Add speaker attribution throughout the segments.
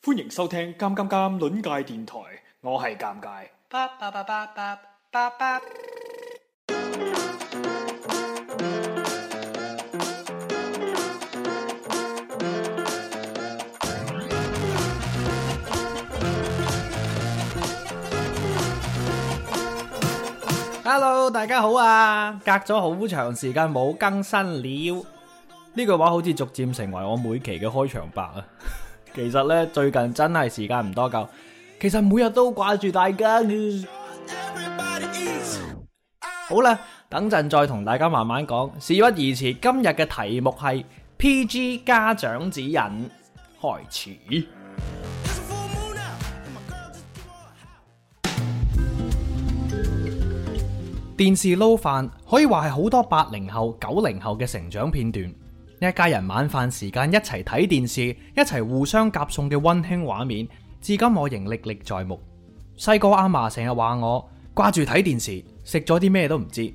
Speaker 1: 歡迎收聽《尷尷尷》論界電台，我係尷尬。Hello，大家好啊！隔咗好長時間冇更新了，呢句話好似逐漸成為我每期嘅開場白啊！其實咧，最近真係時間唔多夠。其實每日都掛住大家。Everybody is 好啦，等陣再同大家慢慢講。事不宜遲，今日嘅題目係 PG 家長指引，開始。Now, 電視撈飯可以話係好多八零後、九零後嘅成長片段。一家人晚飯時間一齊睇電視，一齊互相夾餸嘅溫馨畫面，至今我仍歷歷在目。細個阿嫲成日話我掛住睇電視，食咗啲咩都唔知道，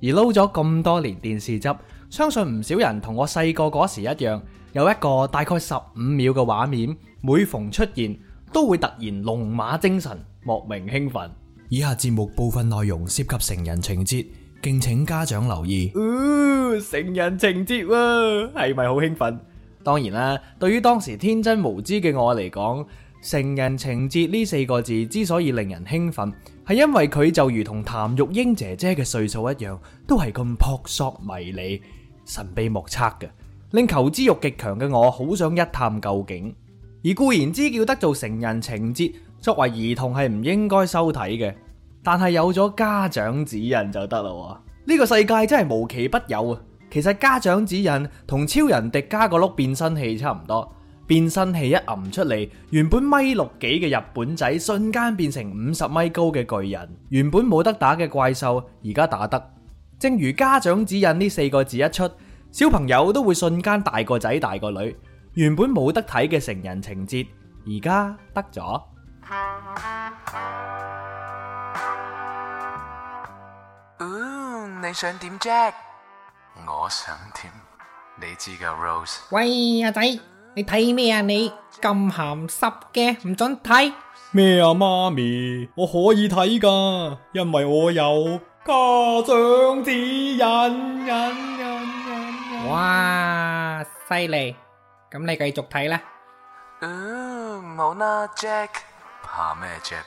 Speaker 1: 而撈咗咁多年電視汁，相信唔少人同我細個嗰時一樣，有一個大概十五秒嘅畫面，每逢出現都會突然龍馬精神，莫名興奮。以下節目部分內容涉及成人情節。敬請家長留意。哦，成人情節係咪好興奮？當然啦，對於當時天真無知嘅我嚟講，成人情節呢四個字之所以令人興奮，係因為佢就如同譚玉英姐姐嘅歲數一樣，都係咁撲朔迷離、神秘莫測嘅，令求知慾極強嘅我好想一探究竟。而固然之叫得做成人情節，作為兒童係唔應該收睇嘅。但係有咗家長指引就得咯，呢個世界真係無奇不有啊！其實家長指引同超人迪迦個碌變身器差唔多，變身器一撳出嚟，原本米六幾嘅日本仔瞬間變成五十米高嘅巨人，原本冇得打嘅怪獸而家打得。正如家長指引呢四個字一出，小朋友都會瞬間大個仔大個女，原本冇得睇嘅成人情節而家得咗。嗯，你想點，Jack？我想點，你知噶 Rose。喂，阿仔，你睇咩啊？你咁鹹濕嘅，唔准睇。咩啊，媽咪？我可以睇噶，因為我有家長指引。哇，犀利！咁你繼續睇啦。
Speaker 2: 嗯，冇啦，Jack。怕咩，Jack？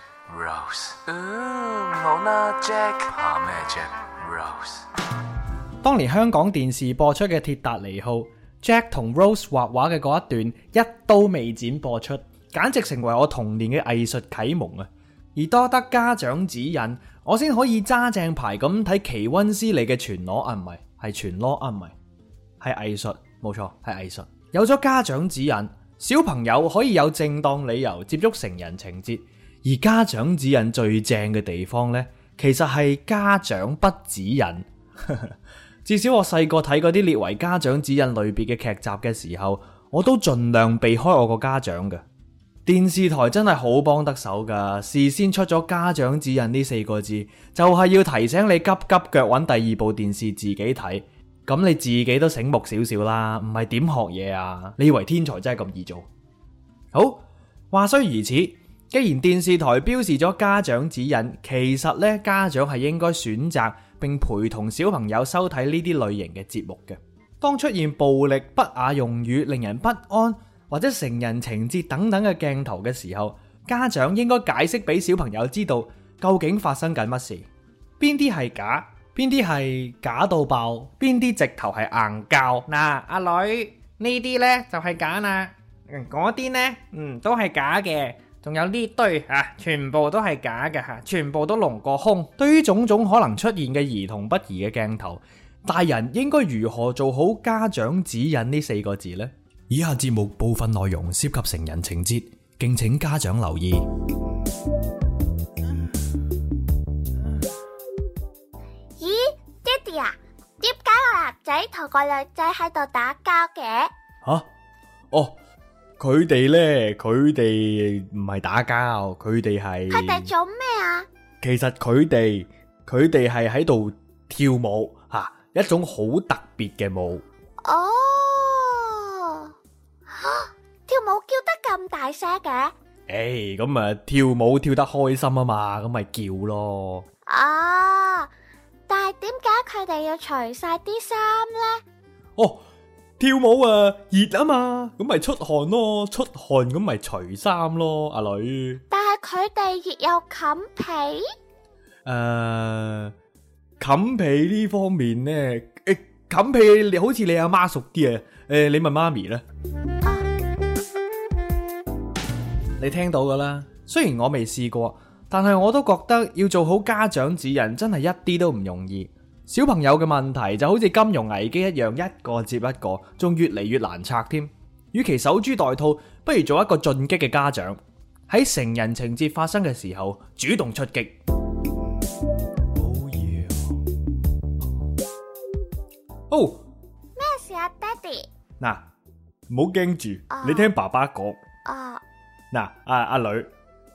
Speaker 1: 當年香港電視播出嘅《鐵達尼號》，Jack 同 Rose 畫畫嘅嗰一段，一刀未剪播出，簡直成為我童年嘅藝術啟蒙啊！而多得家長指引，我先可以揸正牌咁睇奇溫斯利嘅全裸，啊唔係，係全裸，啊唔係，係藝術，冇錯，係藝術。有咗家長指引，小朋友可以有正當理由接觸成人情節。而家長指引最正嘅地方呢，其實係家長不指引。 至少我細個睇嗰啲列為家長指引類別嘅劇集嘅時候，我都盡量避開我個家長嘅。電視台真係好幫得手噶，事先出咗家長指引呢四個字，就係要提醒你急急腳揾第二部電視自己睇。咁你自己都醒目少少啦，唔係點學嘢啊？你以為天才真係咁易做？好，話雖如此。既然電視台標示咗家長指引，其實咧家長係應該選擇並陪同小朋友收睇呢啲類型嘅節目嘅。當出現暴力、不雅用語、令人不安或者成人情節等等嘅鏡頭嘅時候，家長應該解釋俾小朋友知道究竟發生緊乜事，邊啲係假，邊啲係假到爆，邊啲直頭係硬膠嗱。阿女，呢啲呢就係假啦，嗰啲呢，嗯都係假嘅。仲有呢堆啊，全部都係假嘅，吓，全部都龍過胸。對於種種可能出現嘅兒童不宜嘅鏡頭，大人應該如何做好家長指引呢？四個字呢？以下節目部分內容涉及成人情節，敬請家長留意。咦，爹哋啊，點解個男仔同個女仔喺度打交嘅？吓、啊、哦。佢哋咧，佢哋唔係打交，佢哋係佢哋做咩啊？其實佢哋佢哋係喺度跳舞吓，一種好特別嘅舞哦吓，跳舞叫得咁大聲嘅？誒，咁啊，跳舞跳得開心啊嘛，咁咪叫咯。啊，但係點解佢哋要除晒啲衫咧？哦。跳舞啊，熱啊嘛，咁咪出汗咯，出汗咁咪除衫咯，阿女。但係佢哋亦有冚被？誒、呃，冚被呢方面呢，誒、欸，冚被你好似你阿媽熟啲啊，誒、欸，你問媽咪啦。啊、你聽到噶啦，雖然我未試過，但係我都覺得要做好家長指引真係一啲都唔容易。小朋友嘅問題就好似金融危機一樣，一個接一個，仲越嚟越難拆添。與其守株待兔，不如做一個進擊嘅家長，喺成人情節發生嘅時候主動出擊。好嘢。哦，咩事啊，爹哋？嗱，唔好驚住，你聽爸爸講。嗱，阿阿女，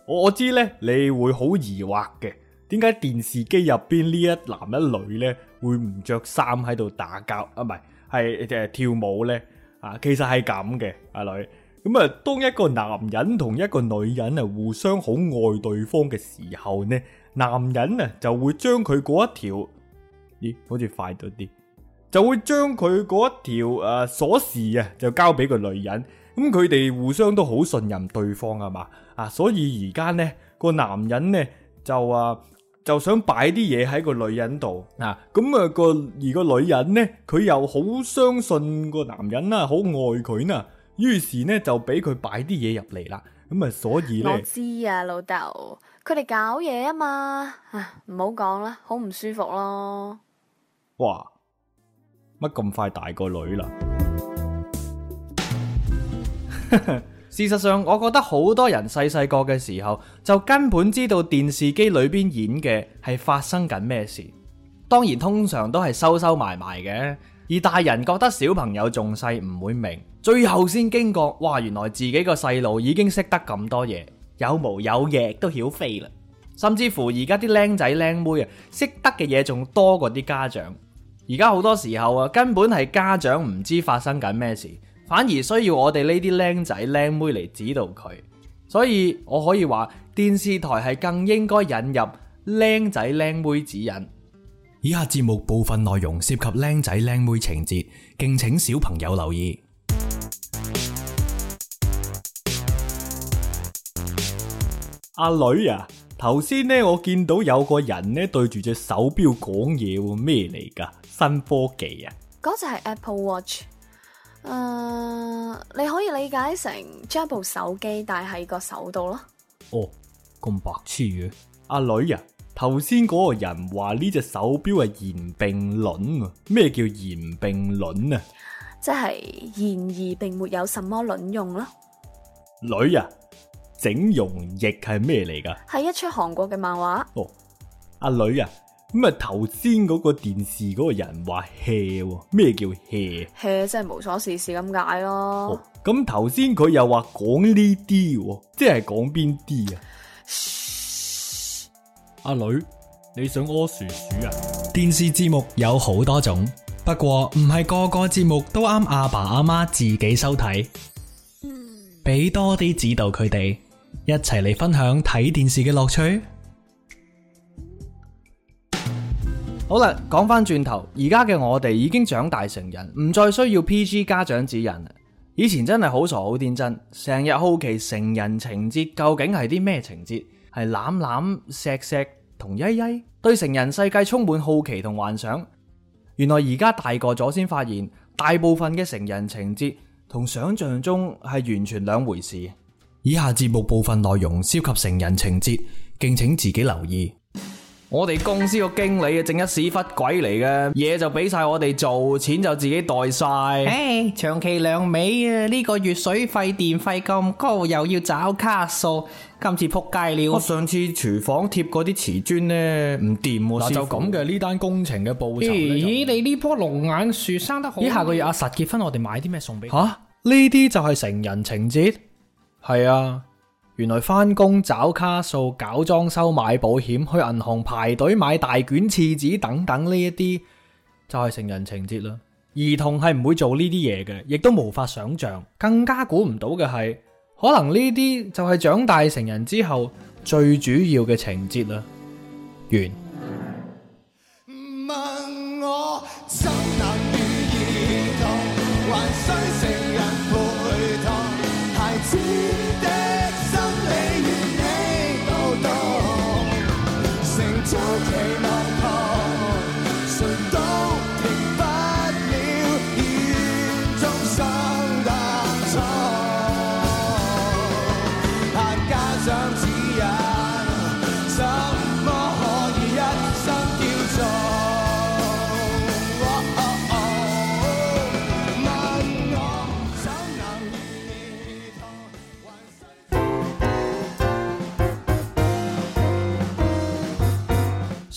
Speaker 1: 我我知咧，你會好疑惑嘅。點解電視機入邊呢一男一女呢，會唔着衫喺度打交啊？唔係係跳舞呢。啊？其實係咁嘅，阿、啊、女咁啊。當一個男人同一個女人啊互相好愛對方嘅時候呢，男人啊就會將佢嗰一條咦好似快咗啲，就會將佢嗰一條誒鎖匙啊就交俾個女人。咁佢哋互相都好信任對方啊嘛啊，所以而家呢個男人呢就啊～就想擺啲嘢喺個女人度啊，咁啊個而個女人呢，佢又好相信個男人啦，好愛佢呢，於是呢就俾佢擺啲嘢入嚟啦，咁啊所以呢，我知啊老豆，佢哋搞嘢啊嘛，啊唔好講啦，好唔舒服咯。哇，乜咁快大個女啦？ 事實上，我覺得好多人細細個嘅時候就根本知道電視機裏邊演嘅係發生緊咩事，當然通常都係收收埋埋嘅。而大人覺得小朋友仲細唔會明，最後先驚覺，哇，原來自己個細路已經識得咁多嘢，有毛有翼都曉飛啦。甚至乎而家啲靚仔靚妹啊，識得嘅嘢仲多過啲家長。而家好多時候啊，根本係家長唔知發生緊咩事。反而需要我哋呢啲僆仔僆妹嚟指導佢，所以我可以話電視台係更應該引入僆仔僆妹指引。以下節目部分內容涉及僆仔僆妹情節，敬請小朋友留意。阿女呀、啊，頭先呢我見到有個人呢對住隻手錶講嘢喎，咩嚟㗎？新科技啊？嗰隻係 Apple Watch。誒，uh, 你可以理解成將部手機戴喺個手度咯。哦，咁白痴嘅。阿女啊，頭先嗰個人話呢隻手錶係然並卵啊，咩叫然並卵啊？即係然而並沒有什麼卵用咯。女啊，整容液係咩嚟㗎？係一出韓國嘅漫畫。哦，阿、啊、女啊。咁啊，頭先嗰個電視嗰個人話 hea 咩叫 hea？hea 即係無所事事咁解咯。咁頭先佢又話講呢啲，即係講邊啲啊？阿女，你想屙薯鼠啊？電視節目有好多種，不過唔係個個節目都啱阿爸阿媽自己收睇，俾、嗯、多啲指導佢哋一齊嚟分享睇電視嘅樂趣。好啦，講翻轉頭，而家嘅我哋已經長大成人，唔再需要 PG 家長指引。以前真係好傻好天真，成日好奇成人情節究竟係啲咩情節，係攬攬錫錫同依依，對成人世界充滿好奇同幻想。原來而家大個咗，先發現大部分嘅成人情節同想象中係完全兩回事。以下節目部分內容涉及成人情節，敬請自己留意。我哋公司個經理啊，正一屎忽鬼嚟嘅，嘢就俾晒我哋做，錢就自己袋晒。唉，hey，長期兩尾啊！呢、這個月水費電費咁高，又要找卡數，今次撲街了。我、啊、上次廚房貼嗰啲瓷磚呢，唔掂、啊。嗱就咁嘅呢單工程嘅報酬。咦誒，你呢棵龍眼樹生得好？咦，下個月阿、啊、實結婚，我哋買啲咩送俾佢？吓、啊，呢啲就係成人情節。係啊。原來翻工、找卡數、搞裝修、買保險、去銀行排隊買大卷廁紙等等呢一啲，就係成人情節啦。兒童係唔會做呢啲嘢嘅，亦都無法想象，更加估唔到嘅係，可能呢啲就係長大成人之後最主要嘅情節啦。完。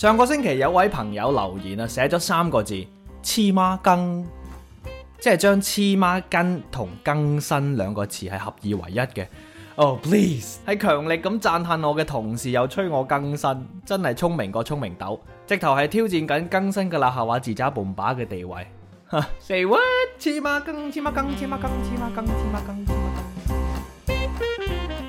Speaker 1: 上個星期有位朋友留言啊，寫咗三個字“黐孖更”，即係將“黐孖更”同“更新”兩個詞係合二為一嘅。哦、oh，please 係強力咁讚嘆我嘅同時又催我更新，真係聰明過聰明豆，直頭係挑戰緊更新㗎啦下話自揸半把嘅地位。 Say what？黐孖更，黐孖更，黐孖更，黐孖更，黐孖更。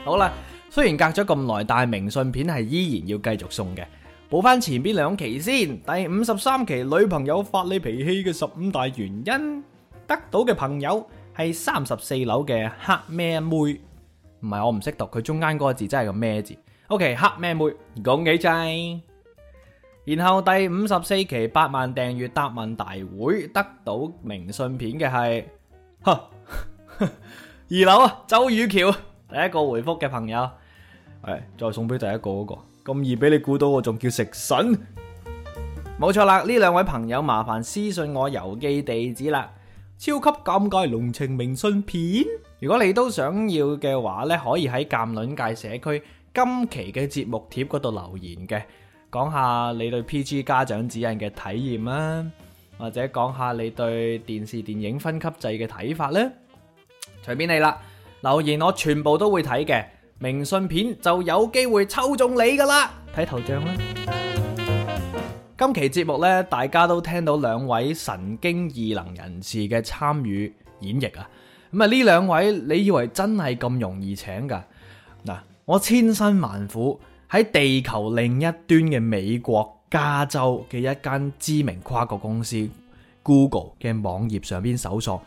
Speaker 1: 好啦，雖然隔咗咁耐，但係明信片係依然要繼續送嘅。補翻前邊兩期先，第五十三期女朋友發你脾氣嘅十五大原因，得到嘅朋友係三十四樓嘅黑咩妹，唔係我唔識讀，佢中間嗰個字真係個咩字？O.K. 黑咩妹，講幾濟？然後第五十四期八萬訂閱答問大會，得到明信片嘅係，呵，二樓啊，周雨橋，第一個回復嘅朋友，係再送俾第一個嗰個。咁易俾你估到，我仲叫食神，冇錯啦！呢兩位朋友麻煩私信我郵寄地址啦。超級尷尬龍情明信片，如果你都想要嘅話呢，可以喺鑑論界社區今期嘅節目貼嗰度留言嘅，講下你對 PG 家長指引嘅體驗啊，或者講下你對電視電影分級制嘅睇法咧，隨便你啦，留言我全部都會睇嘅。明信片就有機會抽中你噶啦，睇頭像啦。今期節目咧，大家都聽到兩位神經異能人士嘅參與演繹啊。咁啊，呢兩位你以為真係咁容易請噶？嗱，我千辛萬苦喺地球另一端嘅美國加州嘅一間知名跨國公司 Google 嘅網頁上邊搜索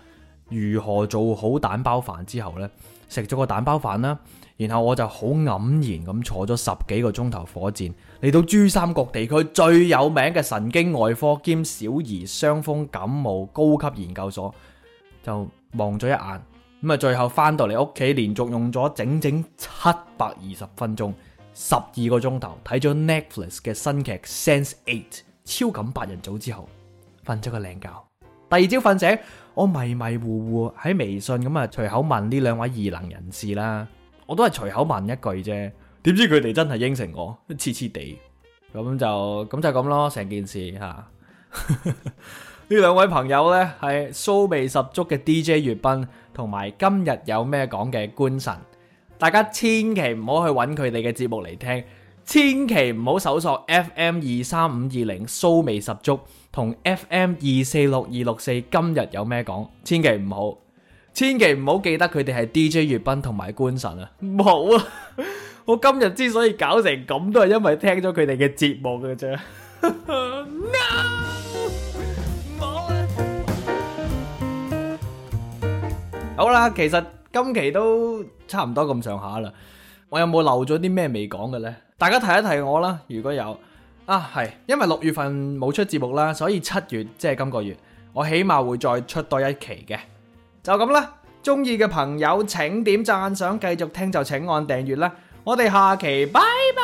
Speaker 1: 如何做好蛋包飯之後呢，」食咗個蛋包飯啦，然後我就好黯然咁坐咗十幾個鐘頭火箭嚟到珠三角地區最有名嘅神經外科兼小兒傷風感冒高級研究所，就望咗一眼，咁啊最後翻到嚟屋企，連續用咗整整七百二十分鐘，十二個鐘頭睇咗 Netflix 嘅新劇 Sense Eight 超感八人組之後，瞓咗個靚覺，第二朝瞓醒。我迷迷糊糊喺微信咁啊，隨口問呢兩位異能人士啦，我都係隨口問一句啫，點知佢哋真係應承我，黐黐地咁就咁就咁咯，成件事吓。呢、啊、兩 位朋友呢係蘇味十足嘅 DJ 月斌，同埋今日有咩講嘅官神，大家千祈唔好去揾佢哋嘅節目嚟聽，千祈唔好搜索 FM 二三五二零蘇味十足。同 FM 二四六二六四今日有咩講？千祈唔好，千祈唔好記得佢哋係 DJ 月斌同埋官神啊！唔好啊！我今日之所以搞成咁，都係因為聽咗佢哋嘅節目嘅啫。
Speaker 2: 好
Speaker 1: 啦，其實今期都差唔多咁上下啦。我有冇漏咗啲咩未講嘅呢？大家提一提我啦，如果有。啊，係，因為六月份冇出節目啦，所以七月即係今個月，我起碼會再出多一期嘅，就咁啦。中意嘅朋友請點讚，想繼續聽就請按訂閱啦。我哋下期拜拜。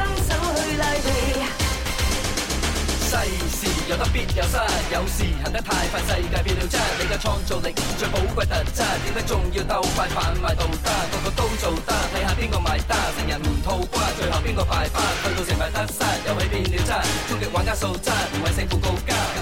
Speaker 2: 有得必有失，有時行得太快，世界變了質。你嘅創造力最寶貴特質，點解仲要鬥快販賣道德？個個都做得，睇下邊個埋單。成日唔吐瓜，最後邊個敗花？去到成敗得失，遊戲變了質。終極玩家素質，唔係勝負告急。